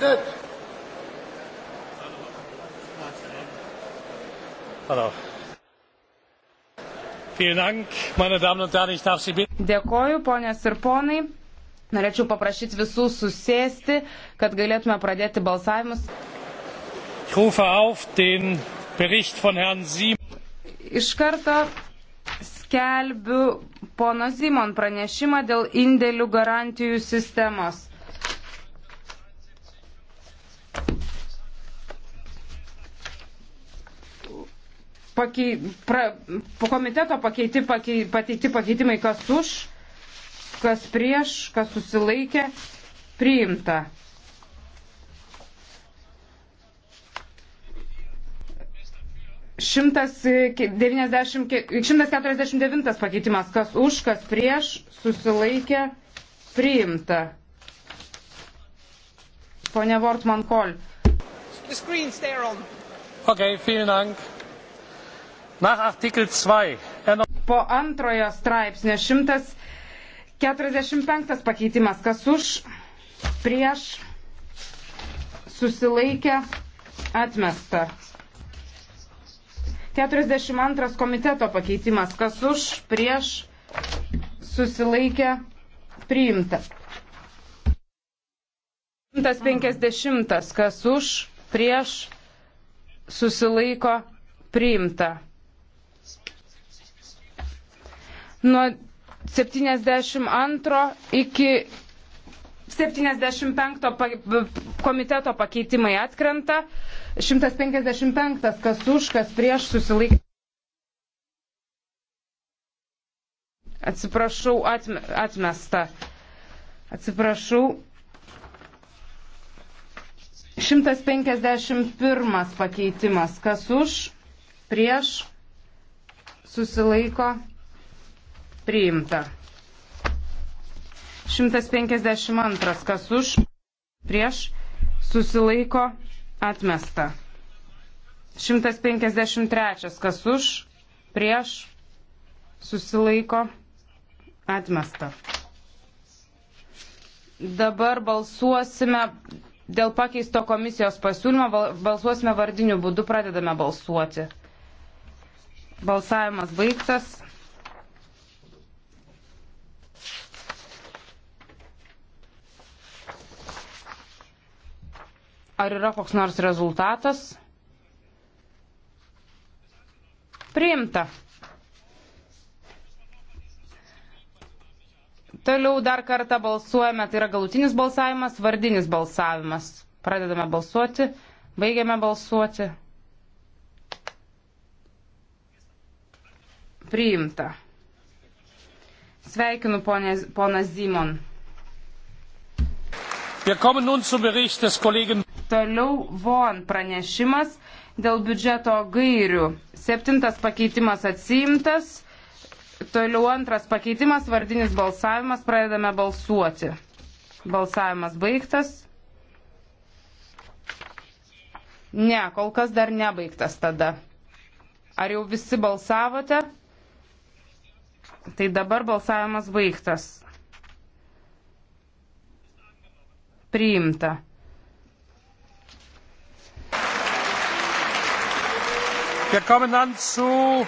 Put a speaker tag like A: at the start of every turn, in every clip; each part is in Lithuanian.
A: Good.
B: Hello. Vielen Dank, meine Damen und Herren, ich darf Sie bitten. Dėkoju, ponės ir ponai. Norėčiau paprašyti visų susėsti, kad galėtume pradėti balsavimus. Ich rufe auf den Bericht von Herrn Simon. Iš karto skelbiu pono Simon pranešimą dėl indėlių garantijų sistemos. pakei, pra, po komiteto pakeiti, pakei, pateikti pakeitimai, kas už, kas prieš, kas susilaikė, priimta. Šimtas keturiasdešimt devintas pakeitimas, kas už, kas prieš, susilaikė, priimta. Pone Wortman Kol. Okay, vielen Dank. Er po antrojo straipsnio 145 pakeitimas, kas už, prieš, susilaikė, atmesta. 42 komiteto pakeitimas, kas už, prieš, susilaikė, priimta. 150, kas už, prieš, susilaiko, priimta. nuo 72 iki 75 komiteto pakeitimai atkrenta, 155 kas už, kas prieš susilaikė. Atsiprašau, atme, atmesta. Atsiprašau. 151 pakeitimas. Kas už, prieš, susilaiko priimta. 152 kas už, prieš, susilaiko, atmesta. 153 kas už, prieš, susilaiko, atmesta. Dabar balsuosime dėl pakeisto komisijos pasiūlymo, balsuosime vardiniu būdu, pradedame balsuoti. Balsavimas baigtas. Ar yra koks nors rezultatas? Priimta. Toliau dar kartą balsuojame, tai yra galutinis balsavimas, vardinis balsavimas. Pradedame balsuoti, baigiame balsuoti. Priimta. Sveikinu ponė, ponas Zimon. Wir kommen nun zum Bericht des Kollegen Toliau VON pranešimas dėl biudžeto gairių. Septintas pakeitimas atsiimtas. Toliau antras pakeitimas, vardinis balsavimas, pradedame balsuoti. Balsavimas baigtas. Ne, kol kas dar nebaigtas tada. Ar jau visi balsavote? Tai dabar balsavimas baigtas. Priimta. Wir kommen dann zu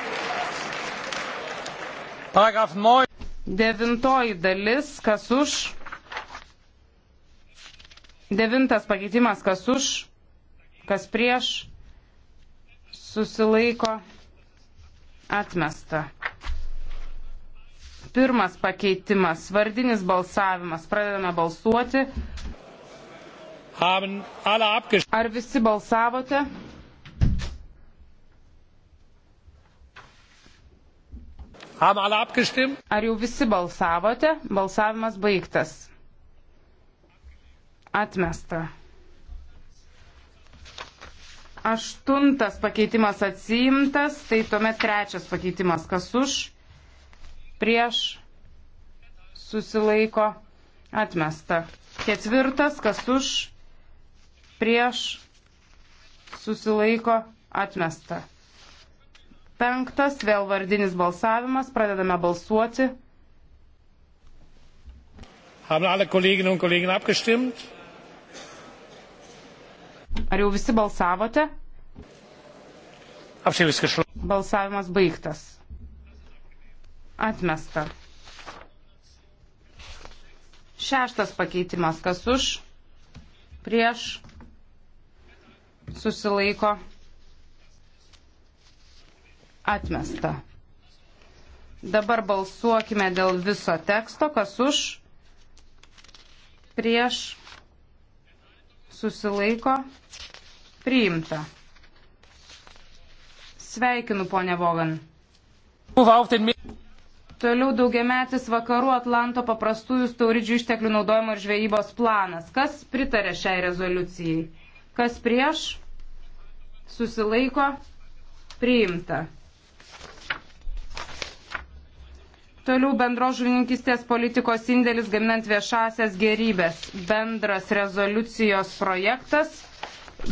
B: paragraf 9. Devintoji dalis, kas už. Devintas pakeitimas, kas už, kas prieš, susilaiko, atmesta. Pirmas pakeitimas, vardinis balsavimas, pradedame balsuoti. Ar visi balsavote? Ar jau visi balsavote? Balsavimas baigtas. Atmesta. Aštuntas pakeitimas atsiimtas, tai tuomet trečias pakeitimas. Kas už? Prieš susilaiko atmesta. Ketvirtas, kas už? Prieš susilaiko atmesta penktas, vėl vardinis balsavimas, pradedame balsuoti. Ar jau visi balsavote? Balsavimas baigtas. Atmesta. Šeštas pakeitimas, kas už, prieš, susilaiko atmesta. Dabar balsuokime dėl viso teksto, kas už, prieš, susilaiko, priimta. Sveikinu, ponė Vogan. Toliau daugiametis vakarų Atlanto paprastųjų stauridžių išteklių naudojimo ir žvejybos planas. Kas pritarė šiai rezoliucijai? Kas prieš? Susilaiko? Priimta. Toliau bendros žuvininkistės politikos indėlis gaminant viešasias gerybės. Bendras rezoliucijos projektas.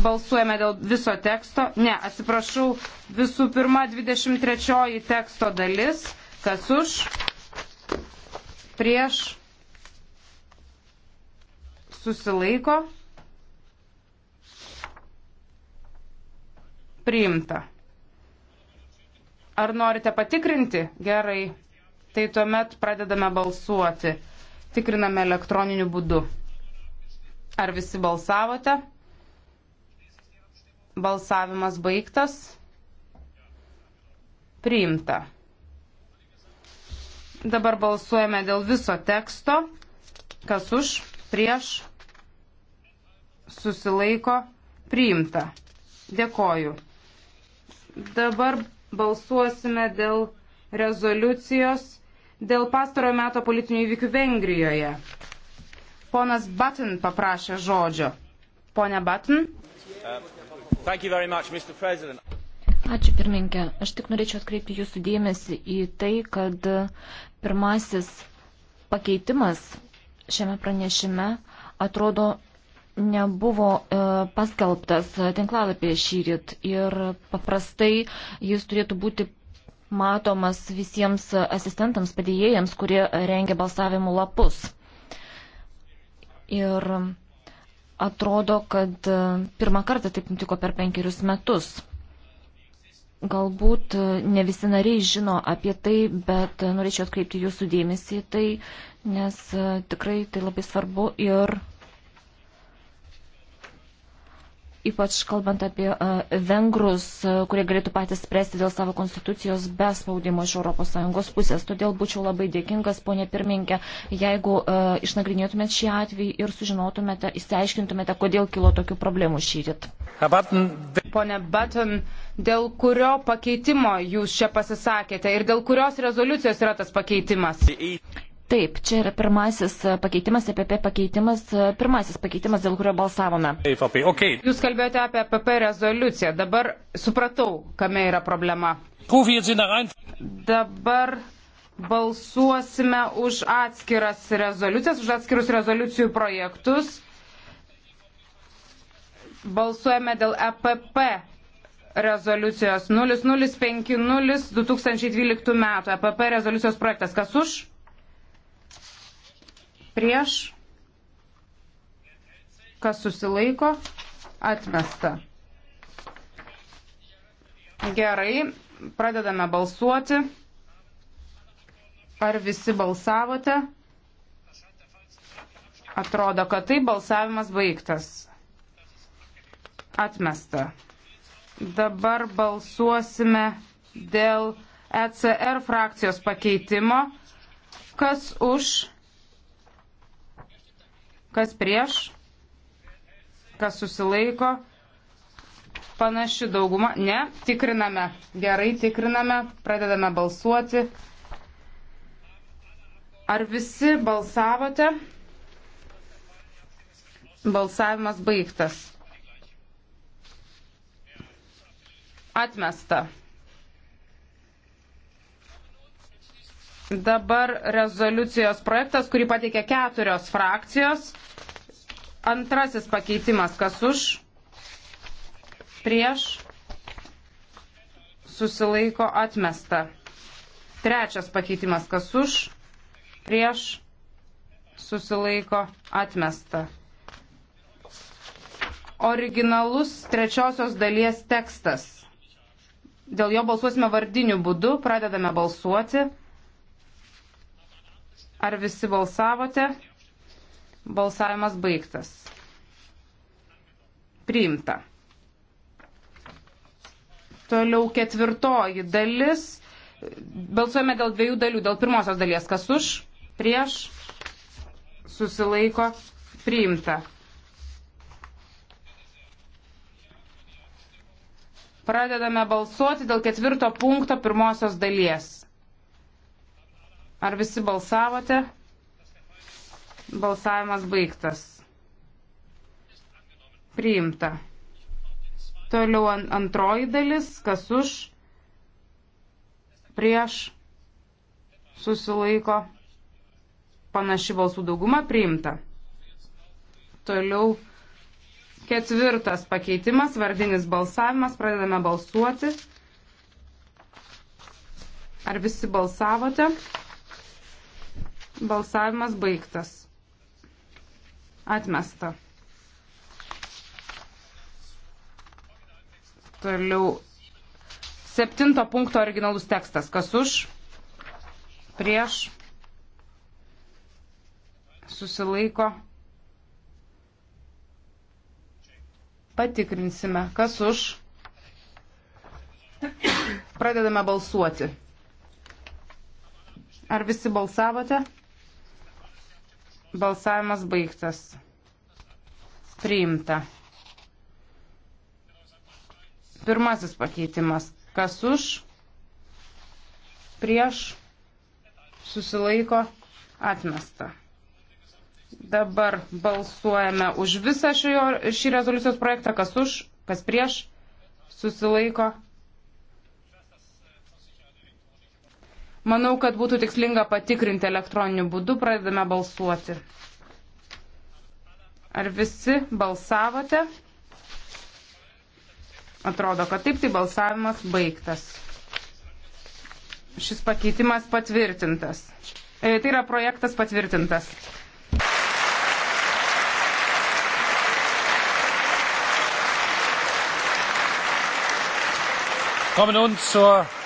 B: Balsuojame dėl viso teksto. Ne, atsiprašau, visų pirma 23 teksto dalis. Kas už? Prieš? Susilaiko? Priimta. Ar norite patikrinti? Gerai tai tuomet pradedame balsuoti. Tikriname elektroniniu būdu. Ar visi balsavote? Balsavimas baigtas. Priimta. Dabar balsuojame dėl viso teksto. Kas už, prieš, susilaiko, priimta. Dėkoju. Dabar balsuosime dėl rezoliucijos dėl pastarojo meto politinių įvykių Vengrijoje. Ponas Button paprašė žodžio.
A: Pone Button. Ačiū pirmininkė. Aš tik norėčiau atkreipti jūsų dėmesį į tai, kad pirmasis pakeitimas šiame pranešime atrodo nebuvo e, paskelbtas tinklalapyje šyrit ir paprastai jis turėtų būti matomas visiems asistentams, padėjėjams, kurie rengia balsavimų lapus. Ir atrodo, kad pirmą kartą taip nutiko per penkerius metus. Galbūt ne visi nariai žino apie tai, bet norėčiau atkreipti jūsų dėmesį į tai, nes tikrai tai labai svarbu ir ypač kalbant apie e, vengrus, e, kurie galėtų patys spręsti dėl savo konstitucijos be spaudimo iš ES pusės. Todėl būčiau labai dėkingas, ponė pirmininkė, jeigu e, išnagrinėtumėt šį atvejį ir sužinotumėte, įsiaiškintumėte, kodėl kilo tokių problemų šyrit.
B: Pone Button, dėl kurio
A: pakeitimo jūs čia pasisakėte ir dėl kurios rezoliucijos yra tas pakeitimas? Taip, čia yra pirmasis e, pakeitimas, EPP pakeitimas, e, pirmasis pakeitimas, dėl kurio balsavome. Okay. Jūs kalbėjote apie EPP
B: rezoliuciją, dabar
A: supratau, kame yra
B: problema. Dabar balsuosime už atskiras rezoliucijas, už atskirus rezoliucijų projektus. Balsuojame dėl EPP rezoliucijos 0050 2012 metų. EPP rezoliucijos projektas. Kas už? prieš, kas susilaiko, atmesta. Gerai, pradedame balsuoti. Ar visi balsavote? Atrodo, kad tai balsavimas baigtas. Atmesta. Dabar balsuosime dėl ECR frakcijos pakeitimo. Kas už? Kas prieš? Kas susilaiko? Panaši dauguma. Ne, tikriname. Gerai, tikriname. Pradedame balsuoti. Ar visi balsavote? Balsavimas baigtas. Atmesta. Dabar rezoliucijos projektas, kurį pateikė keturios frakcijos. Antrasis pakeitimas, kas už, prieš, susilaiko atmesta. Trečias pakeitimas, kas už, prieš, susilaiko atmesta. Originalus trečiosios dalies tekstas. Dėl jo balsuosime vardiniu būdu, pradedame balsuoti. Ar visi balsavote? Balsavimas baigtas. Priimta. Toliau ketvirtoji dalis. Balsuojame dėl dviejų dalių. Dėl pirmosios dalies, kas už, prieš, susilaiko, priimta. Pradedame balsuoti dėl ketvirto punkto pirmosios dalies. Ar visi balsavote? Balsavimas baigtas. Priimta. Toliau antroji dalis, kas už, prieš, susilaiko, panaši balsų dauguma priimta. Toliau ketvirtas pakeitimas, vardinis balsavimas, pradedame balsuoti. Ar visi balsavote? Balsavimas baigtas. Atmesta. Toliau. Septinto punkto originalus tekstas. Kas už? Prieš? Susilaiko? Patikrinsime. Kas už? Pradedame balsuoti. Ar visi balsavote? Balsavimas baigtas. Priimta. Pirmasis pakeitimas. Kas už? Prieš? Susilaiko? Atmesta. Dabar balsuojame už visą šio, šį rezoliucijos projektą. Kas už? Kas prieš? Susilaiko? Atmesta Manau, kad būtų tikslinga patikrinti elektroniniu būdu, pradedame balsuoti. Ar visi balsavote? Atrodo, kad taip, tai balsavimas baigtas. Šis pakeitimas patvirtintas. E, tai yra projektas patvirtintas. Kommen nun zur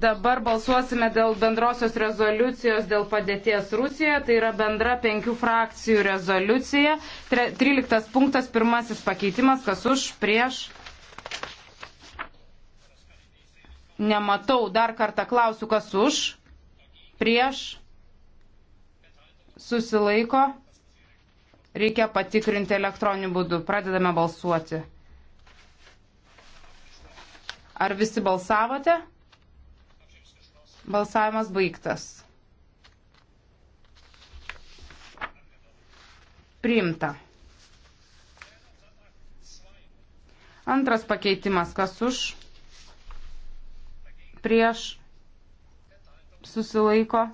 B: Dabar balsuosime dėl bendrosios rezoliucijos dėl padėties Rusijoje. Tai yra bendra penkių frakcijų rezoliucija. 13 punktas, pirmasis pakeitimas, kas už, prieš. Nematau, dar kartą klausiu, kas už, prieš, susilaiko. Reikia patikrinti elektroniniu būdu. Pradedame balsuoti. Ar visi balsavote? Balsavimas baigtas. Priimta. Antras pakeitimas, kas už, prieš, susilaiko.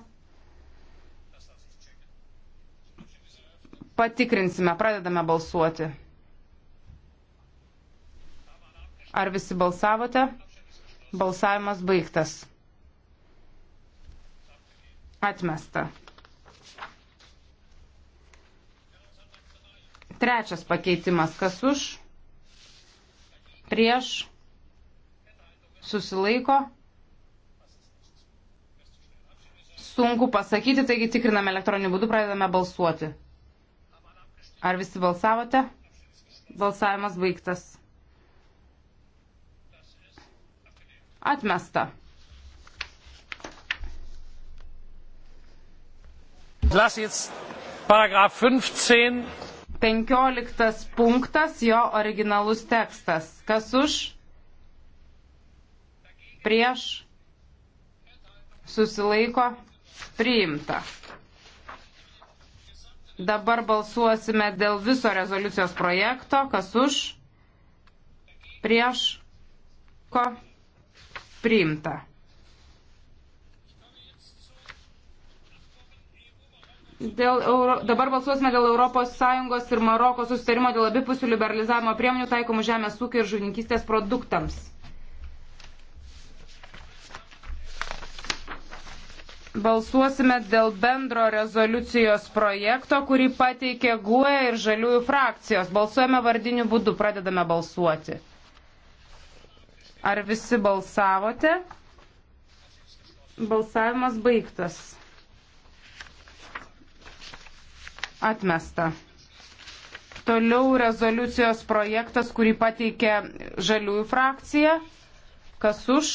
B: Patikrinsime, pradedame balsuoti. Ar visi balsavote? Balsavimas baigtas. Atmesta. Trečias pakeitimas. Kas už? Prieš? Susilaiko? Sunku pasakyti, taigi tikriname elektroniniu būdu, pradedame balsuoti. Ar visi balsavote? Balsavimas baigtas. Atmesta. Lass jetzt paragraf 15. 15 punktas, jo originalus tekstas. Kas už? Prieš? Susilaiko? Priimta. Dabar balsuosime dėl viso rezoliucijos projekto. Kas už? Prieš? Ko? priimta. Dėl Euro, dabar balsuosime dėl ES ir Maroko susitarimo dėl abipusių liberalizavimo priemonių taikomų žemės ūkio ir žuvininkystės produktams. Balsuosime dėl bendro rezoliucijos projekto, kurį pateikė GUE ir Žaliųjų frakcijos. Balsuojame vardiniu būdu, pradedame balsuoti. Ar visi balsavote? Balsavimas baigtas. Atmesta. Toliau rezoliucijos projektas, kurį pateikė žaliųjų frakcija. Kas už?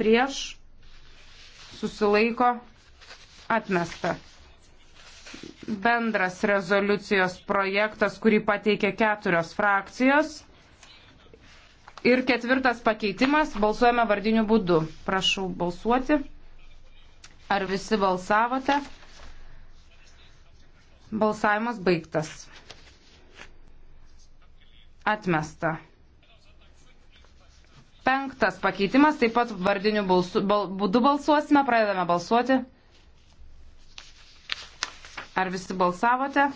B: Prieš? Susilaiko? Atmesta bendras rezoliucijos projektas, kurį pateikė keturios frakcijos. Ir ketvirtas pakeitimas, balsuojame vardiniu būdu. Prašau balsuoti. Ar visi balsavote? Balsavimas baigtas. Atmesta. Penktas pakeitimas, taip pat vardiniu balsu, bal, būdu balsuosime, pradedame balsuoti. Ar visi balsavote?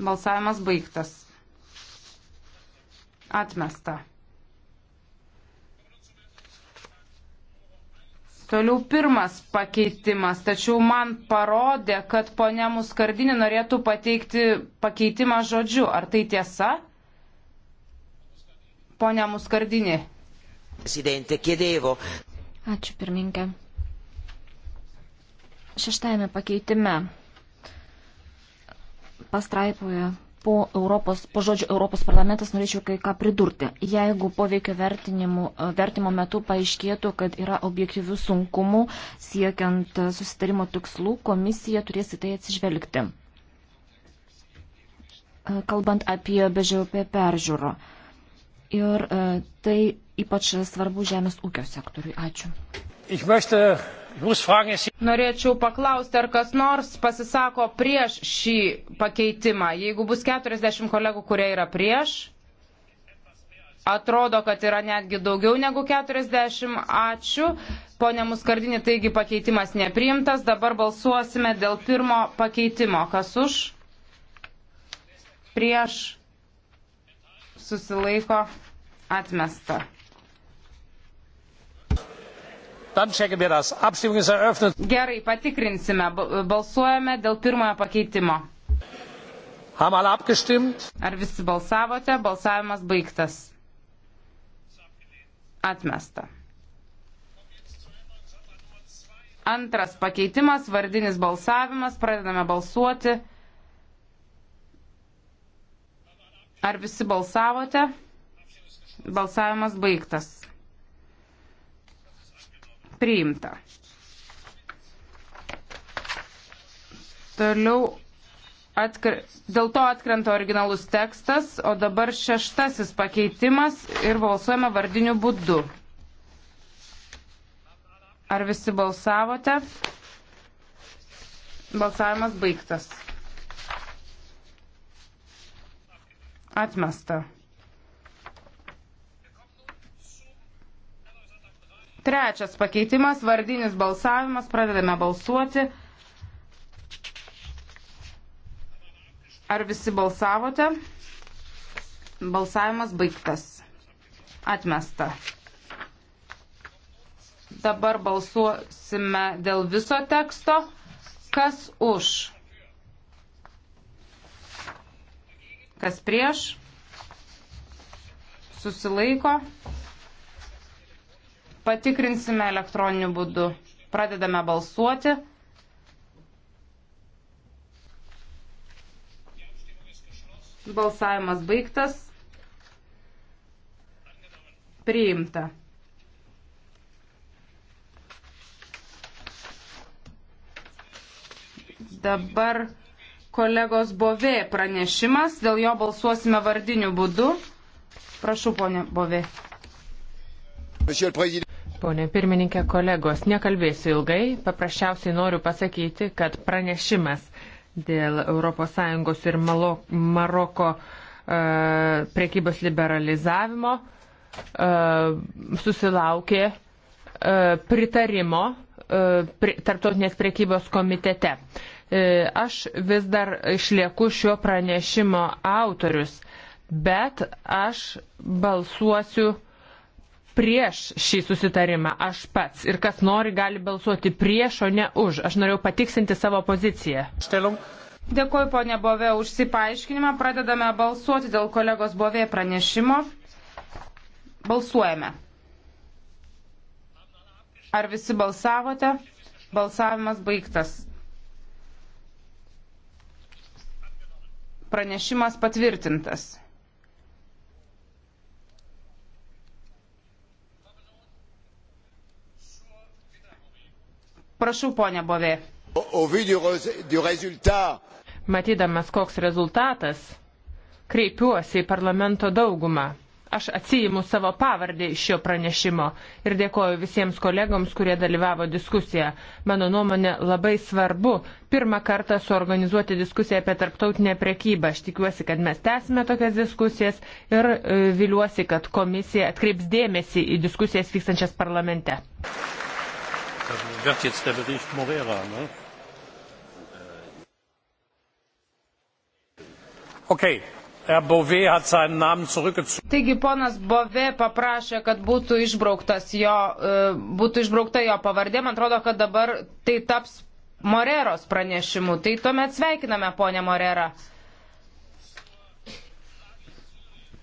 B: Balsavimas baigtas. Atmesta. Toliau pirmas pakeitimas, tačiau man parodė, kad ponia Muskardinė norėtų pateikti pakeitimą žodžiu. Ar tai tiesa?
A: Ponia Muskardinė.
C: Presidente, chiedevo.
A: Ačiū pirmininkė. Šeštajame pakeitime pastraipoje po, Europos, po žodžio Europos parlamentas norėčiau kai ką pridurti. Jeigu poveikio e, vertimo metu paaiškėtų, kad yra objektyvių sunkumų siekiant e, susitarimo tikslų, komisija turės į tai atsižvelgti. E, kalbant apie BŽUP peržiūrą. Ir tai ypač svarbu žemės ūkio sektoriui. Ačiū.
B: Ich möchte Norėčiau paklausti, ar kas nors pasisako prieš šį pakeitimą. Jeigu bus 40 kolegų, kurie yra prieš, atrodo, kad yra netgi daugiau negu 40. Ačiū. Pone Muskardinė, taigi pakeitimas nepriimtas. Dabar balsuosime dėl pirmo pakeitimo. Kas už? Prieš. Susilaiko. Atmesta. Gerai, patikrinsime. Balsuojame dėl pirmojo pakeitimo. Ar visi balsavote? Balsavimas baigtas. Atmesta. Antras pakeitimas, vardinis balsavimas, pradedame balsuoti. Ar visi balsavote? Balsavimas baigtas priimta. Toliau atkr... dėl to atkrenta originalus tekstas, o dabar šeštasis pakeitimas ir balsuojame vardiniu būdu. Ar visi balsavote? Balsavimas baigtas. Atmesta. Trečias pakeitimas, vardinis balsavimas, pradedame balsuoti. Ar visi balsavote? Balsavimas baigtas. Atmesta. Dabar balsuosime dėl viso teksto. Kas už? Kas prieš? Susilaiko. Patikrinsime elektroniniu būdu. Pradedame balsuoti. Balsavimas baigtas. Priimta. Dabar kolegos Bovė pranešimas, dėl jo balsuosime vardiniu būdu.
C: Prašau, ponė Bovė. Pone pirmininkė, kolegos, nekalbėsiu ilgai. Paprasčiausiai noriu pasakyti, kad pranešimas dėl ES ir Malo, Maroko e, prekybos liberalizavimo e, susilaukė e, pritarimo e, pri, tarptautinės prekybos komitete. E, aš vis dar išlieku šio pranešimo autorius, bet aš balsuosiu e, prieš šį susitarimą aš pats ir kas nori gali balsuoti prieš, o ne už. Aš norėjau patiksinti savo poziciją. Stelung.
B: Dėkuoju, ponė Bove, už sipaaiškinimą. Pradedame
C: balsuoti dėl kolegos Bove
B: pranešimo. Balsuojame. Ar visi balsavote? Balsavimas baigtas. Pranešimas patvirtintas.
C: Prašau, ponė Bovė. Matydamas, koks rezultatas, kreipiuosi į parlamento daugumą. Aš atsijimu savo pavardį iš šio pranešimo ir dėkoju visiems kolegoms, kurie dalyvavo diskusiją. Mano nuomonė labai svarbu pirmą kartą suorganizuoti diskusiją apie tarptautinę prekybą. Aš tikiuosi, kad mes tęsime tokias diskusijas ir e, viliuosi, kad komisija atkreips dėmesį į diskusijas vykstančias parlamente
B: das wird jetzt der bericht moreira ne? Okay. Taigi ponas Bove paprašė, kad būtų, jo, e, būtų išbraukta jo pavardė. Man atrodo, kad dabar tai taps Moreros pranešimu. Tai tuomet sveikiname ponę Morerą.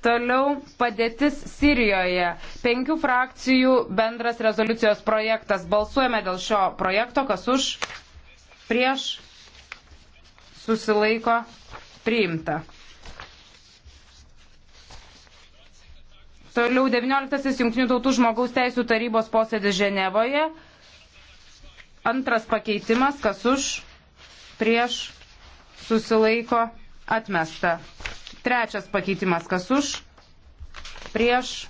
B: Toliau padėtis Sirijoje. Penkių frakcijų bendras rezoliucijos projektas. Balsuojame dėl šio projekto. Kas už? Prieš? Susilaiko? Priimta. Toliau 19. Junktinių tautų žmogaus teisų tarybos posėdis Ženevoje. Antras pakeitimas. Kas už? Prieš? Susilaiko? Atmesta. Trečias pakeitimas, kas už, prieš,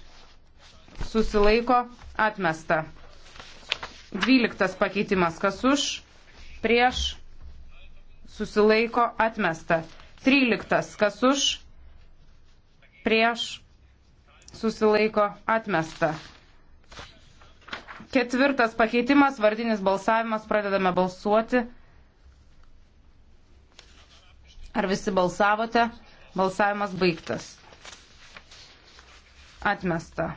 B: susilaiko, atmesta. Dvyliktas pakeitimas, kas už, prieš, susilaiko, atmesta. Tryliktas, kas už, prieš, susilaiko, atmesta. Ketvirtas pakeitimas, vardinis balsavimas, pradedame balsuoti. Ar visi balsavote? Balsavimas baigtas. Atmesta.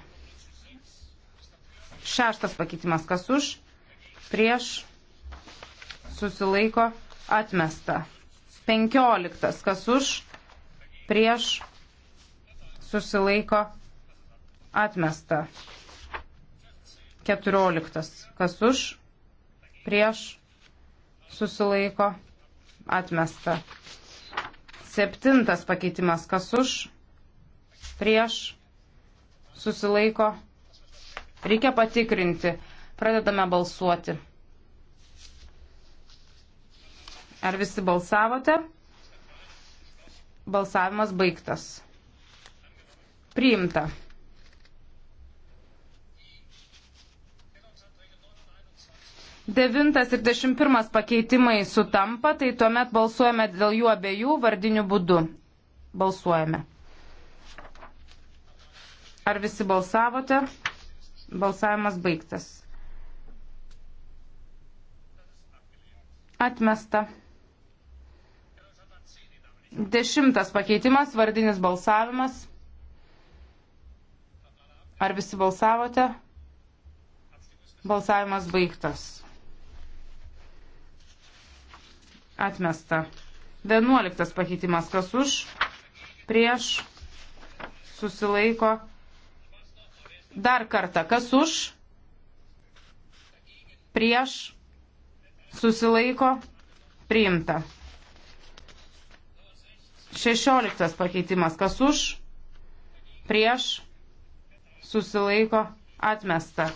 B: Šeštas pakeitimas. Kas už? Prieš. Susilaiko. Atmesta. Penkioliktas. Kas už? Prieš. Susilaiko. Atmesta. Keturioliktas. Kas už? Prieš. Susilaiko. Atmesta. Septintas pakeitimas, kas už, prieš, susilaiko. Reikia patikrinti. Pradedame balsuoti. Ar visi balsavote? Balsavimas baigtas. Priimta. 9 ir 11 pakeitimai sutampa, tai tuomet balsuojame dėl jų abiejų vardinių būdų. Balsuojame. Ar visi balsavote? Balsavimas baigtas. Atmesta. Dešimtas pakeitimas, vardinis balsavimas. Ar visi balsavote? Balsavimas baigtas. Atmesta. Vienuoliktas pakeitimas. Kas už? Prieš. Susilaiko. Dar kartą. Kas už? Prieš. Susilaiko. Priimta. Šešioliktas pakeitimas. Kas už? Prieš. Susilaiko. Atmesta.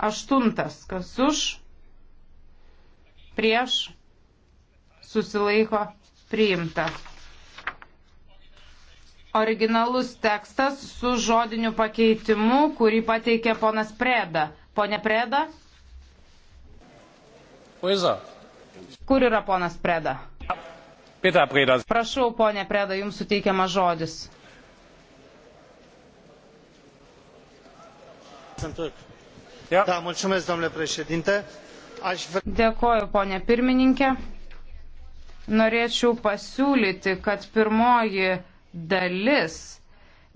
B: Aštuntas. Kas už? Prieš susilaiko priimta. Originalus tekstas su žodiniu pakeitimu, kurį pateikė ponas Preda. Pone Preda? Uiza. Kur yra ponas Preda? Pita Predas. Prašau, ponė Preda, jums suteikiama žodis. Dėkoju, ponė pirmininkė norėčiau pasiūlyti, kad pirmoji dalis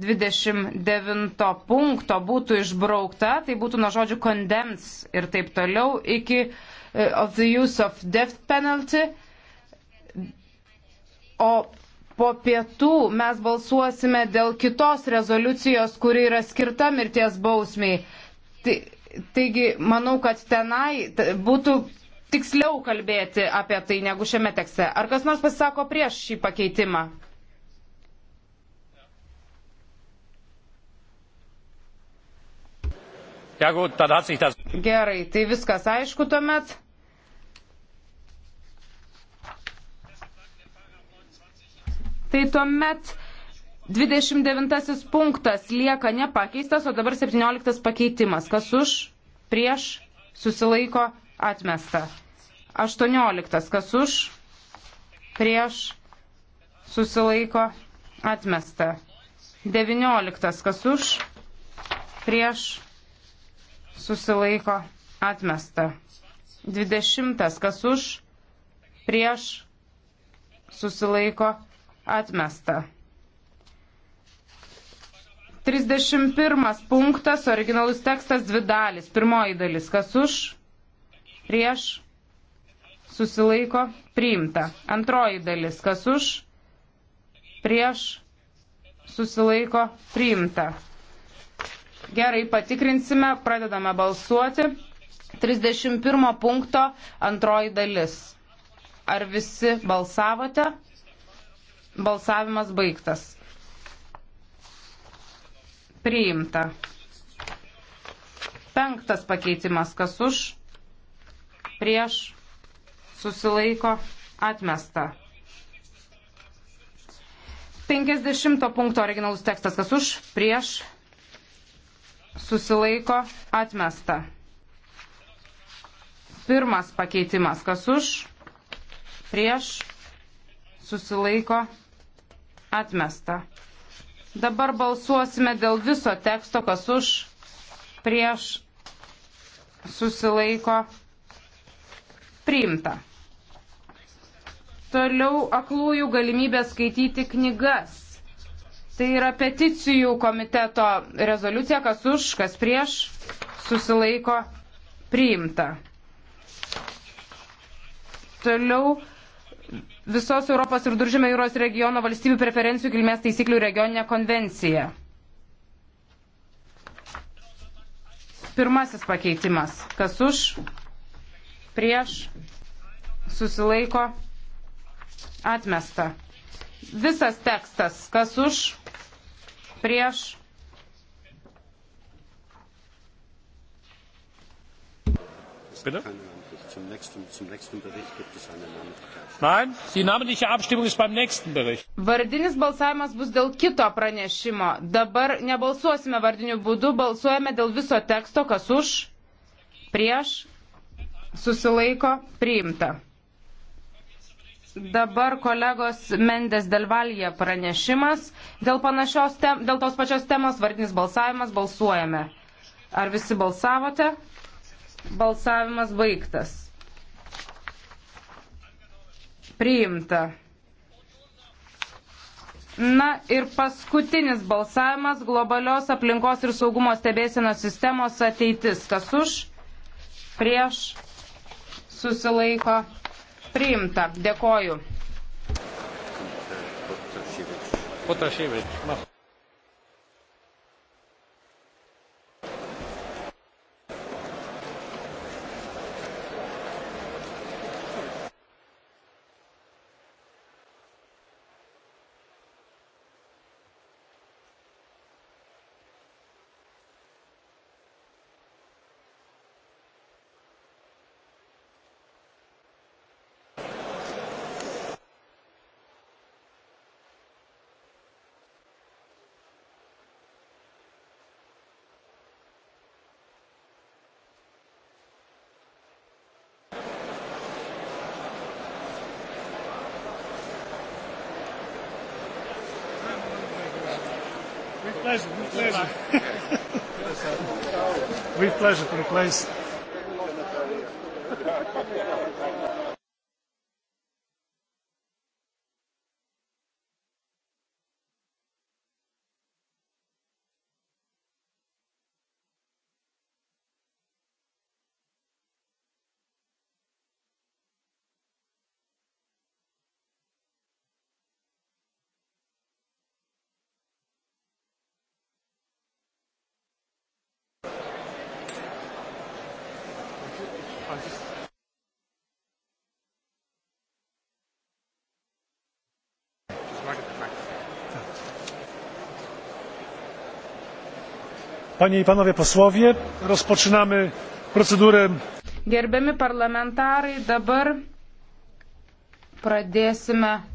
B: 29 punkto būtų išbraukta, tai būtų nuo žodžių condemns ir taip toliau iki e, of the use of death penalty. O po pietų mes balsuosime dėl kitos rezoliucijos, kuri yra skirta mirties bausmiai. Taigi, manau, kad tenai būtų tiksliau kalbėti apie tai negu šiame tekste. Ar kas nors pasisako prieš šį pakeitimą? Gerai, tai viskas aišku tuomet. Tai tuomet 29 punktas lieka nepakeistas, o dabar 17 pakeitimas. Kas už, prieš, susilaiko, atmesta. 18. Kas už, prieš, susilaiko, atmesta. 19. Kas už, prieš, susilaiko, atmesta. 20. Kas už, prieš, susilaiko, atmesta. 31 punktas, originalus tekstas, dvi dalis. Pirmoji dalis, kas už, prieš, susilaiko, priimta. Antroji dalis, kas už, prieš, susilaiko, priimta. Gerai, patikrinsime, pradedame balsuoti. 31 punkto antroji dalis. Ar visi balsavote? Balsavimas baigtas. Priimta. Penktas pakeitimas, kas už? prieš, susilaiko, atmesta. 50 punkto originalus tekstas, kas už, prieš, susilaiko, atmesta. Pirmas pakeitimas, kas už, prieš, susilaiko, atmesta. Dabar balsuosime dėl viso teksto, kas už, prieš, susilaiko, atmesta Priimta. Toliau aklųjų galimybė skaityti knygas. Tai yra peticijų komiteto rezoliucija, kas už, kas prieš, susilaiko priimta. Toliau visos Europos ir Duržėmio jūros regiono valstybių preferencijų kilmės taisyklių regioninė konvencija. Pirmasis pakeitimas. Kas už? prieš, susilaiko, atmesta. Visas tekstas, kas už, prieš.
C: Bitte? Zum nächsten, zum nächsten Bericht gibt es eine Namentliche Nein,
B: die namentliche Abstimmung ist beim nächsten Bericht. Vardinis balsavimas bus dėl kito pranešimo. Dabar nebalsuosime vardiniu būdu, balsuojame dėl viso teksto, kas už, prieš, susilaiko priimta. Dabar kolegos Mendes Delvalija pranešimas dėl, tem, dėl tos pačios temos vardinis balsavimas balsuojame. Ar visi balsavote? Balsavimas baigtas. Priimta. Na ir paskutinis balsavimas - globalios aplinkos ir saugumo stebėsienos sistemos ateitis. Kas už? Prieš susilaiko priimta. Dėkoju. Potraševič.
C: With pleasure, with pleasure. with
A: pleasure, with pleasure. panie i panowie posłowie rozpoczynamy procedurę
B: gerbiami parlamentarai dabar pradėsime